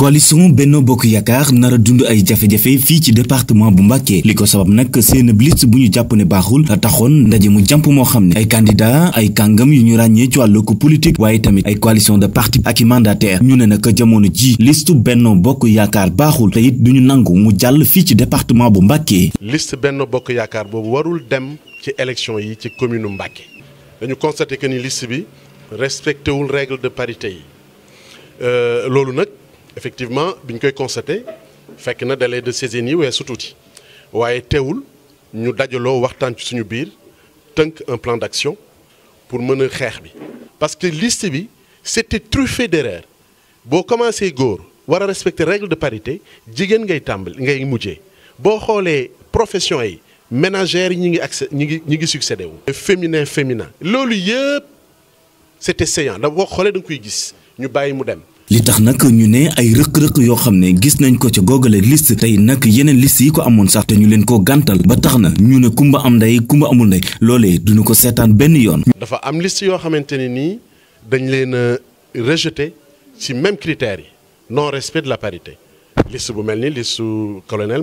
coalition Benno Bokk Yaakaar nar a dund ay jafe-jafe fii ci département bu Mbacké li ko sabab nag seen liste bu ñu jàpp ne baaxul a taxoon ndaje mu jàmp moo xam ne ay candidat ay kàngam yu ñu ràññee ci wàllu ko politique waaye tamit ay coalition de parti ak i mandataire ñu ne nag jamono ji liste Benno Bokk Yaakaar baaxul te it duñu nangu mu jàll fii ci département bu Mbacké list Benno Bokk Yaakaar boobu warul dem ci élection yi ci commune Mbacké dañu constaté que ni liste respecté wul règle de parité euh, loolu nag effectivement bi ñu koy constaté fekk na délai de saisine yi su tuuti waaye teewul ñu dajaloo waxtaan ci suñu biir tënk un plan d'action pour mën a xeex bi. parce que list bi c'était truffé d'erreurs boo commencé góor war a respecter règle de parité jigéen ngay tàmbali ngay mujjee boo xoolee profession yi ménagères yi ñi ngi accès ñi ngi ñi ngi succédé wu. féminin féminin. loolu yëpp c'était séant da boo xoolee danga koy gis ñu bàyyi mu dem. li tax nag ñu ne ay rëq-rëq yoo xam ne gis nañ ko ca googale liste tey nag yeneen liste yi ko amoon sax te ñu leen koo gàntal ba tax na ñu ne kumba am ndey kumba amul ndey loolee duñu ko seetaan benn yoon. dafa am liste yoo xamante ne nii dañ leen a rejeté ci même critères yi non respect de la parité liste bu mel ni liste su colonel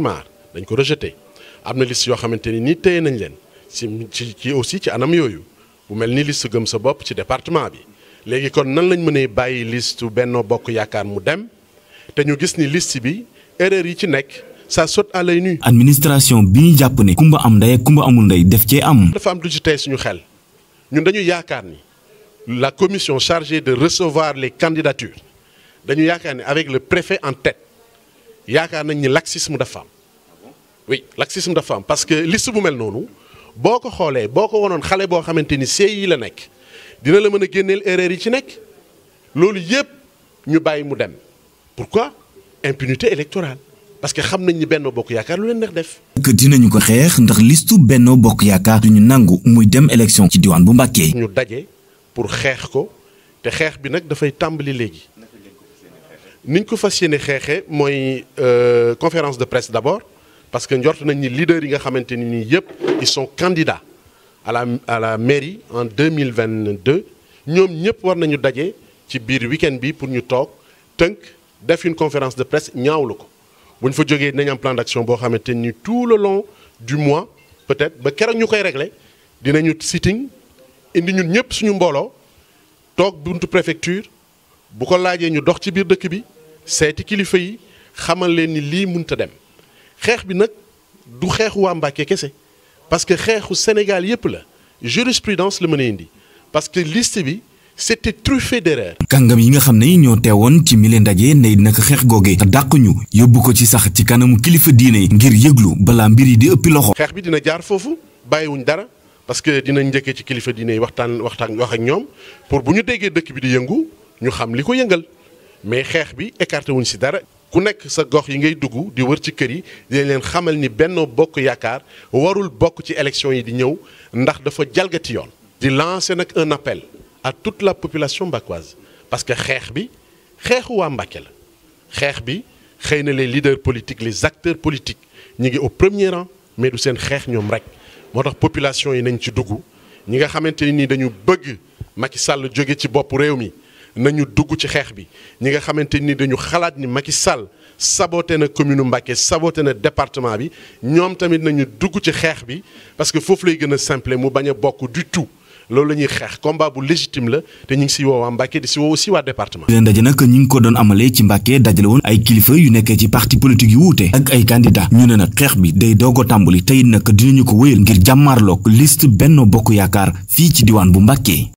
dañ ko rejeté am na liste yoo xamante ni nii téye nañ leen ci ci aussi ci anam yooyu bu mel ni liste gëm sa bopp ci département bi. léegi kon nan lañ mënee bàyyi list Benno Bokk Yaakaar mu dem te ñu gis ni list bi erreur yi ci nekk sa saute à l'œil nu administration bi ñu jàpp ne kumba am ndey ak kumba amul ndey def cee am. dafa am du ci tey suñu xel ñun dañuy yaakaar ni la commission chargée de recevoir les candidatures dañu yaakaar ni avec le préfet en tête yaakaar nañ ni laxisme dafa am oui laxisme dafa am parce que list bu mel noonu boo ko xoolee boo ko wonoon xale boo xamante ni CI la nekk. dina la mën a génneel erreur yi ci nekk loolu yëpp ñu bàyyi mu dem pourquoi impunité électorale parce que xam nañ ni Benno Bokk Yaakaar lu leen neex def. que dinañu ko xeex ndax listu Benno Bokk Yaakaar ñu nangu muy dem élection ci diwaan bu Mbàkke. ñu daje pour xeex ko te xeex bi nag dafay tàmbali léegi niñ ko fas yéene xeexee mooy euh, conférence de presse d'abord parce que njort nañ ni leader yi nga xamante ni nii yëpp ils sont candidats. à la à la mairie en 2022 ñoom ñëpp war nañu daje ci biir week-end bi pour ñu toog tënk def une conférence de presse ñaawlu ko bu ñu fa jógee dinañ am plan d'action boo xamante ni tout le long du mois peut-être ba keroog ñu koy régler dinañu sitting indi ñun ñëpp suñu mbooloo toog buntu préfecture bu ko laajee ñu dox ci biir dëkk bi seeti kilifa yi xamal leen ni lii mënta dem xeex bi nag du xeexu waa Mbacké kese. parce que xeexu Sénégal yëpp la jurisprudence la mën a indi parce que liste bi c'était truffé d'erreur kàngam yi nga xam ne ñoo teewoon ci mile ndaje ne naka xeex googe dàq ñu yóbbu ko ci sax ci kanamu kilifa diine ngir yëglu bala mbir yi di ëppi loxo xeex bi dina jaar foofu bàyyiwuñ dara parce que dinañ njëkkee ci kilifa diine yi waxtaan waxtaan wax ak ñoom pour bu ñu déggee dëkk bi di yëngu ñu xam li ko yëngal mais xeex bi écarté wuñ si dara ku nekk sa gox yi ngay dugg di wër ci kër yi dinañ leen xamal ni Benno Bokk Yaakaar warul bokk ci élection yi di ñëw ndax dafa jalgati yoon. di lancé nag un appel à toute la population mbackoise parce que xeex bi xeexu waa Mbacke la xeex bi xëy na les leaders politiques les acteurs politiques ñu ngi au premier rang mais du seen xeex ñoom rek moo tax population yi nañ ci dugg ñi nga xamante ni dañu bëgg Macky Sall jóge ci bopp réew mi. nañu dugg ci xeex bi ñi nga xamante ni dañu xalaat ni Macky Sall saboté na commune Mbacké saboote na département bi ñoom tamit nañu dugg ci xeex bi parce que foofu lay gën a simple mu bañ a bokk du tout loolu la ñuy xeex combat bu légitime la te ñu ngi si woo waa di si woo aussi waa département. leen ndaje nag ñu ngi ko doon amalee ci Mbacké dajale woon ay kilifa yu nekkee ci parti politique yu wuute ak ay candidat ñu ne nag xeex bi day doog a tàmbali tey nag dinañu ko wéyal ngir jàmmaarloog liste Benno Bokk Yaakaar fii ci diwaan bu Mbacké.